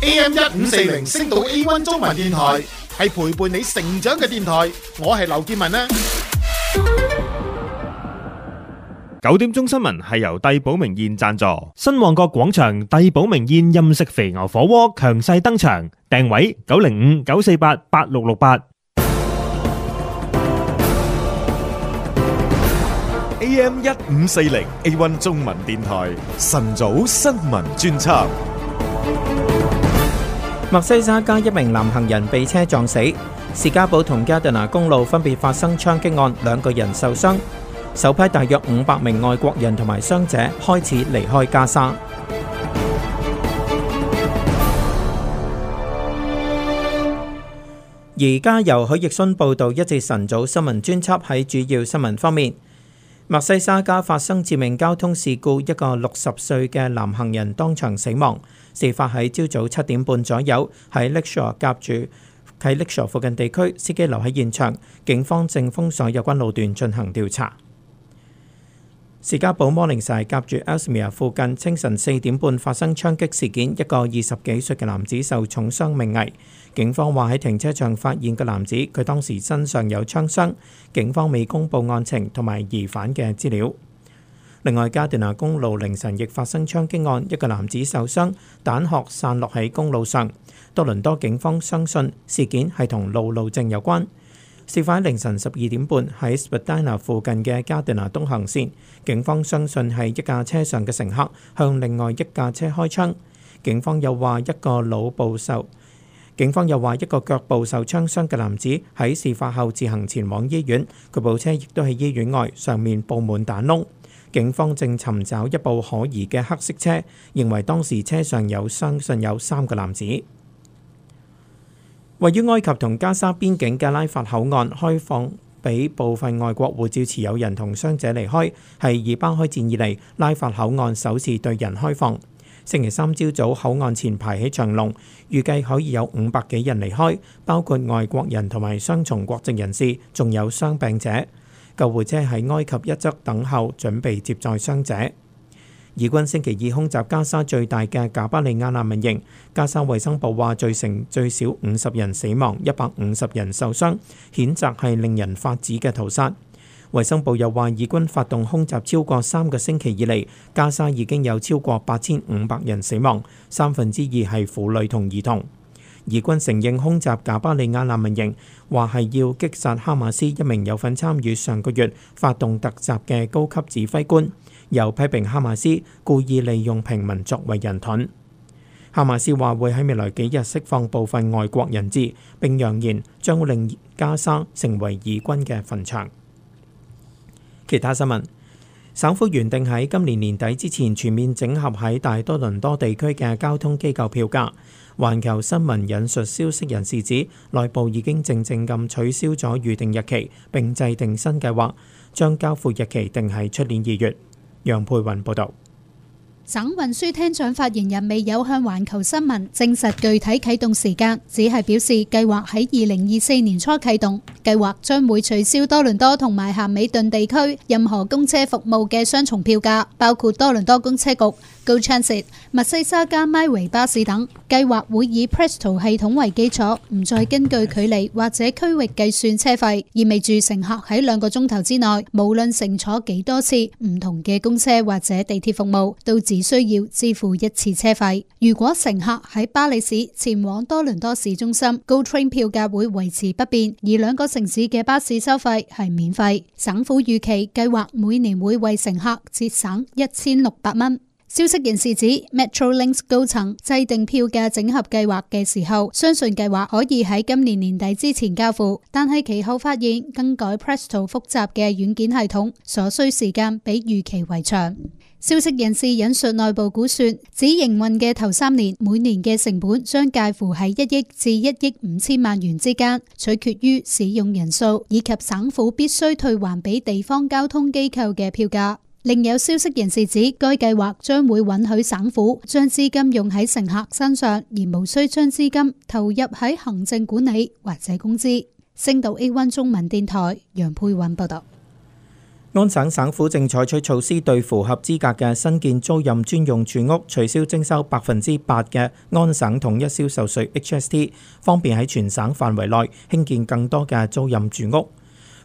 AM 一五四零升到 A1 中文電台，係陪伴你成長嘅電台。我係劉建文啊。九點鐘新聞係由帝寶名宴贊助，新旺角廣場帝寶名宴任食肥牛火鍋強勢登場，訂位九零五九四八八六六八。AM 一五四零 A1 中文電台晨早新聞專輯。墨西沙加一名男行人被車撞死，士嘉堡同加特拿公路分別發生槍擊案，兩個人受傷。首批大約五百名外國人同埋傷者開始離開加沙。 而家由許奕迅報道，一節晨早新聞專輯喺主要新聞方面。密西沙加發生致命交通事故，一個六十歲嘅男行人當場死亡。事發喺朝早七點半左右，喺 Lakeshore 夾住喺 Lakeshore 附近地區，司機留喺現場，警方正封鎖有關路段進行調查。士嘉堡 Morningside，夾住 Ellesmere 附近，清晨四點半發生槍擊事件，一個二十幾歲嘅男子受重傷命危。警方話喺停車場發現個男子，佢當時身上有槍傷。警方未公布案情同埋疑犯嘅資料。另外，嘉甸拿公路凌晨亦發生槍擊案，一個男子受傷，彈殼散落喺公路上。多倫多警方相信事件係同路怒症有關。事發凌晨十二點半喺士巴丹拿附近嘅加甸拿東行線，警方相信係一架車上嘅乘客向另外一架車開槍。警方又話一個腦部受，警方又話一個腳部受槍傷嘅男子喺事發後自行前往醫院，佢部車亦都喺醫院外，上面布滿彈窿。警方正尋找一部可疑嘅黑色車，認為當時車上有相信有三個男子。位於埃及同加沙邊境嘅拉法口岸開放俾部分外國護照持有人同傷者離開，係以巴開戰以嚟拉法口岸首次對人開放。星期三朝早口岸前排起長龍，預計可以有五百幾人離開，包括外國人同埋雙重國籍人士，仲有傷病者。救護車喺埃及一側等候，準備接載傷者。以軍星期二空襲加沙最大嘅加巴利亞難民營，加沙衛生部話造成最少五十人死亡，一百五十人受傷，譴責係令人髮指嘅屠殺。衛生部又話，以軍發動空襲超過三個星期以嚟，加沙已經有超過八千五百人死亡，三分之二係婦女同兒童。以軍承認空襲賈巴利亞難民營，話係要擊殺哈馬斯一名有份參與上個月發動突襲嘅高級指揮官，又批評哈馬斯故意利用平民作為人盾。哈馬斯話會喺未來幾日釋放部分外國人質，並揚言將會令加沙成為以軍嘅墳場。其他新聞。省府原定喺今年年底之前全面整合喺大多倫多地區嘅交通機構票價。環球新聞引述消息人士指，內部已經靜靜咁取消咗預定日期，並制定新計劃，將交付日期定喺出年二月。楊佩雲報道。省運輸廳長發言人未有向環球新聞證實具體啟動時間，只係表示計劃喺二零二四年初啟動。計劃將會取消多倫多同埋咸美頓地區任何公車服務嘅雙重票價，包括多倫多公車局。Go Transit，墨西沙加邁維巴士等計劃會以 Presto 系統為基礎，唔再根據距離或者區域計算車費，意味住乘客喺兩個鐘頭之內，無論乘坐幾多次唔同嘅公車或者地鐵服務，都只需要支付一次車費。如果乘客喺巴黎市前往多倫多市中心，高 train 票價會維持不變，而兩個城市嘅巴士收費係免費。省府預期計劃每年會為乘客節省一千六百蚊。消息人士指，Metrolinx 高層制定票價整合計劃嘅時候，相信計劃可以喺今年年底之前交付，但係其後發現更改 Presto 複雜嘅軟件系統所需時間比預期為長。消息人士引述內部估算，指營運嘅頭三年每年嘅成本將介乎喺一億至一億五千萬元之間，取決於使用人數以及省府必須退還俾地方交通機構嘅票價。另有消息人士指，該計劃將會允許省府將資金用喺乘客身上，而無需將資金投入喺行政管理或者工資。星島 A 1中文電台楊佩韻報道：安省省府正採取措施，對符合資格嘅新建租賃專用住屋，取消徵收百分之八嘅安省統一銷售稅 HST，方便喺全省範圍內興建更多嘅租賃住屋。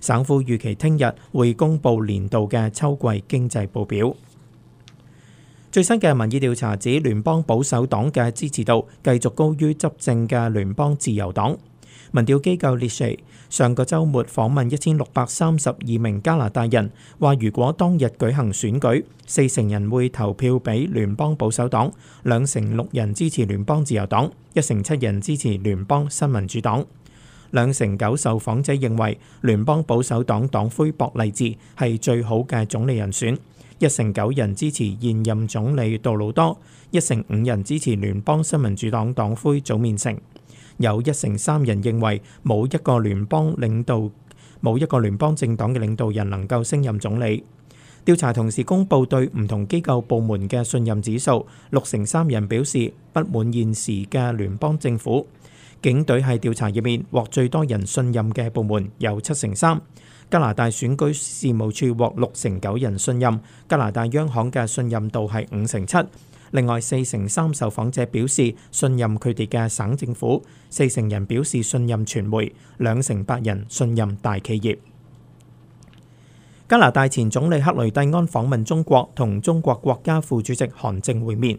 省府預期聽日會公布年度嘅秋季經濟報表。最新嘅民意調查指，聯邦保守黨嘅支持度繼續高於執政嘅聯邦自由黨。民調機構 Leger 上個週末訪問一千六百三十二名加拿大人，話如果當日舉行選舉，四成人會投票俾聯邦保守黨，兩成六人支持聯邦自由黨，一成七人支持聯邦新民主黨。兩成九受訪者認為聯邦保守黨黨魁博勵治係最好嘅總理人選，一成九人支持現任總理杜魯多，一成五人支持聯邦新民主黨黨魁組面城，有一成三人認為冇一個聯邦領導，冇一個聯邦政黨嘅領導人能夠升任總理。調查同時公佈對唔同機構部門嘅信任指數，六成三人表示不滿現時嘅聯邦政府。警隊喺調查頁面獲最多人信任嘅部門，有七成三。加拿大選舉事務處獲六成九人信任，加拿大央行嘅信任度係五成七。另外四成三受訪者表示信任佢哋嘅省政府，四成人表示信任傳媒，兩成八人信任大企業。加拿大前總理克雷蒂安訪問中國，同中國國家副主席韓正會面。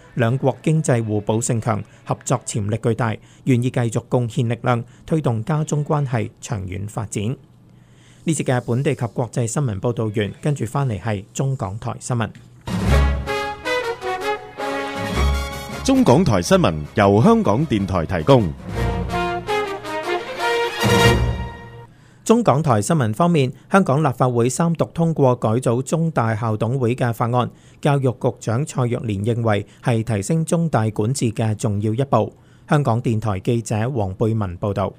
兩國經濟互補性強，合作潛力巨大，願意繼續貢獻力量，推動加中關係長遠發展。呢節嘅本地及國際新聞報道員，跟住翻嚟係中港台新聞。中港台新聞由香港電台提供。中港台新聞方面，香港立法會三讀通過改組中大校董會嘅法案，教育局長蔡若蓮認為係提升中大管治嘅重要一步。香港電台記者黃貝文報道，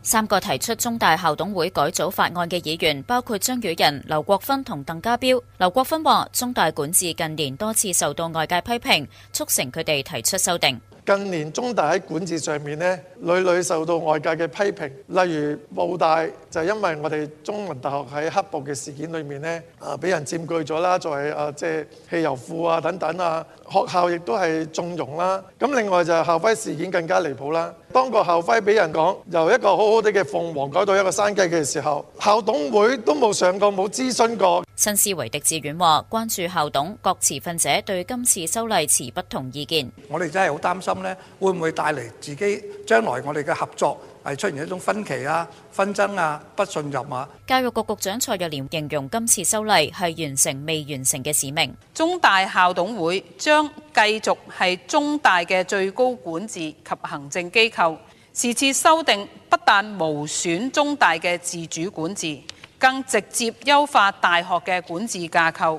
三個提出中大校董會改組法案嘅議員包括張宇人、劉國芬同鄧家彪。劉國芬話：中大管治近年多次受到外界批評，促成佢哋提出修訂。近年中大喺管治上面咧，屢屢受到外界嘅批評。例如，武大就係、因為我哋中文大學喺黑暴嘅事件裏面咧，啊被人佔據咗啦，作為、啊就係、汽油庫啊等等啊，學校亦都係縱容啦。咁、啊、另外就係校徽事件更加離譜啦。當個校徽俾人講由一個好好啲嘅鳳凰改到一個山雞嘅時候，校董會都冇上過，冇諮詢過。新思維狄志遠話，關注校董、各持份者對今次修例持不同意見。我哋真係好擔心呢會唔會帶嚟自己將來我哋嘅合作？係出現一種分歧啊、紛爭啊、不信任啊。教育局局長蔡若蓮形容今次修例係完成未完成嘅使命。中大校董會將繼續係中大嘅最高管治及行政機構。是次修訂不但無損中大嘅自主管治，更直接優化大學嘅管治架構。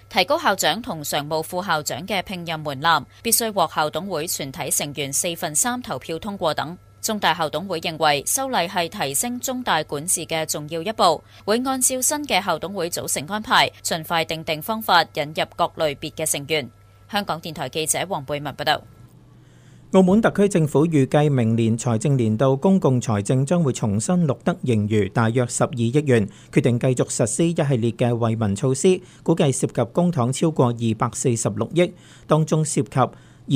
提高校長同常務副校長嘅聘任門檻，必須獲校董會全體成員四分三投票通過等。中大校董會認為，修例係提升中大管治嘅重要一步，會按照新嘅校董會組成安排，盡快訂定方法引入各類別嘅成員。香港電台記者黃貝文報道。澳門特區政府預計明年財政年度公共財政將會重新錄得盈餘大約12億元，決定繼續實施一系列嘅惠民措施，估計涉及公帑超過246億，當中涉及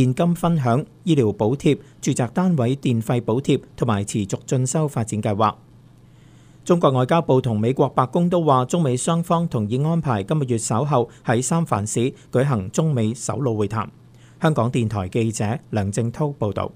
現金分享、醫療補貼、住宅單位電費補貼，同埋持續進修發展計劃。中國外交部同美國白宮都話，中美雙方同意安排今個月稍後喺三藩市，舉行中美首腦會談。香港電台記者梁正濤報道，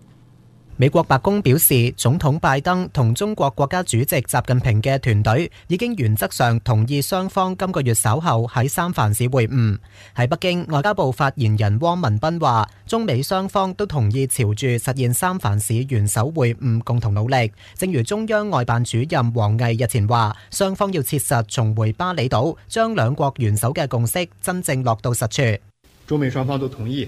美國白宮表示，總統拜登同中國國家主席習近平嘅團隊已經原則上同意雙方今個月稍後喺三藩市會晤。喺北京，外交部發言人汪文斌話，中美雙方都同意朝住實現三藩市元首會晤共同努力。正如中央外辦主任王毅日前話，雙方要切實重回巴厘島，將兩國元首嘅共識真正落到實處。中美雙方都同意，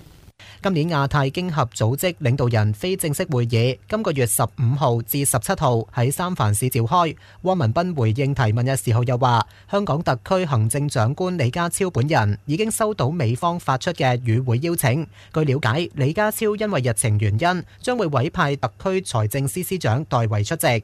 今年亞太經合組織領導人非正式會議，今個月十五號至十七號，喺三藩市召開，汪文斌回應提問嘅時候，又話，香港特區行政長官李家超本人已經收到美方發出嘅與會邀請。據了解，李家超因為日程原因，將會委派特區財政司司長代為出席。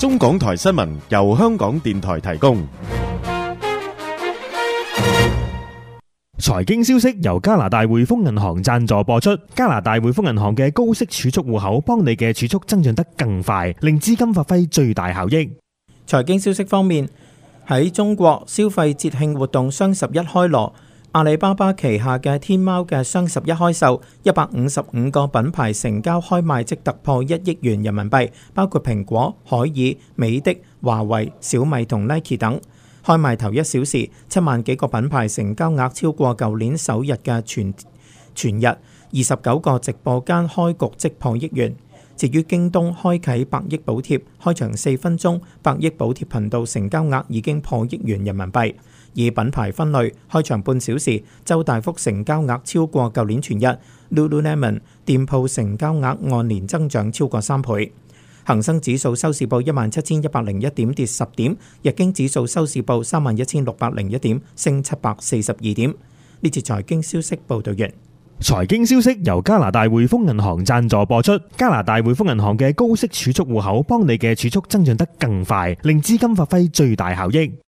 中港台新聞由香港電台提供。財經消息由加拿大匯豐銀行贊助播出。加拿大匯豐銀行嘅高息儲蓄戶口，幫你嘅儲蓄增長得更快，令資金發揮最大效益。財經消息方面，喺中國消費節慶活動雙十一開鑼。阿里巴巴旗下嘅天貓嘅雙十一開售，一百五十五個品牌成交開賣即突破一億元人民幣，包括蘋果、海爾、美的、華為、小米同 Nike 等。開賣頭一小時，七萬幾個品牌成交額超過舊年首日嘅全全日。二十九個直播間開局即破億元。至於京東開啓百億補貼，開場四分鐘，百億補貼頻道成交額已經破億元人民幣。以品牌分類，開場半小時，周大福成交額超過舊年全日。Lululemon 店鋪成交額按年增長超過三倍。恆生指數收市報一萬七千一百零一點，跌十點。日經指數收市報三萬一千六百零一點，升七百四十二點。呢次財經消息報道完。財經消息由加拿大匯豐銀行贊助播出。加拿大匯豐銀行嘅高息儲蓄戶口，幫你嘅儲蓄增長得更快，令資金發揮最大效益。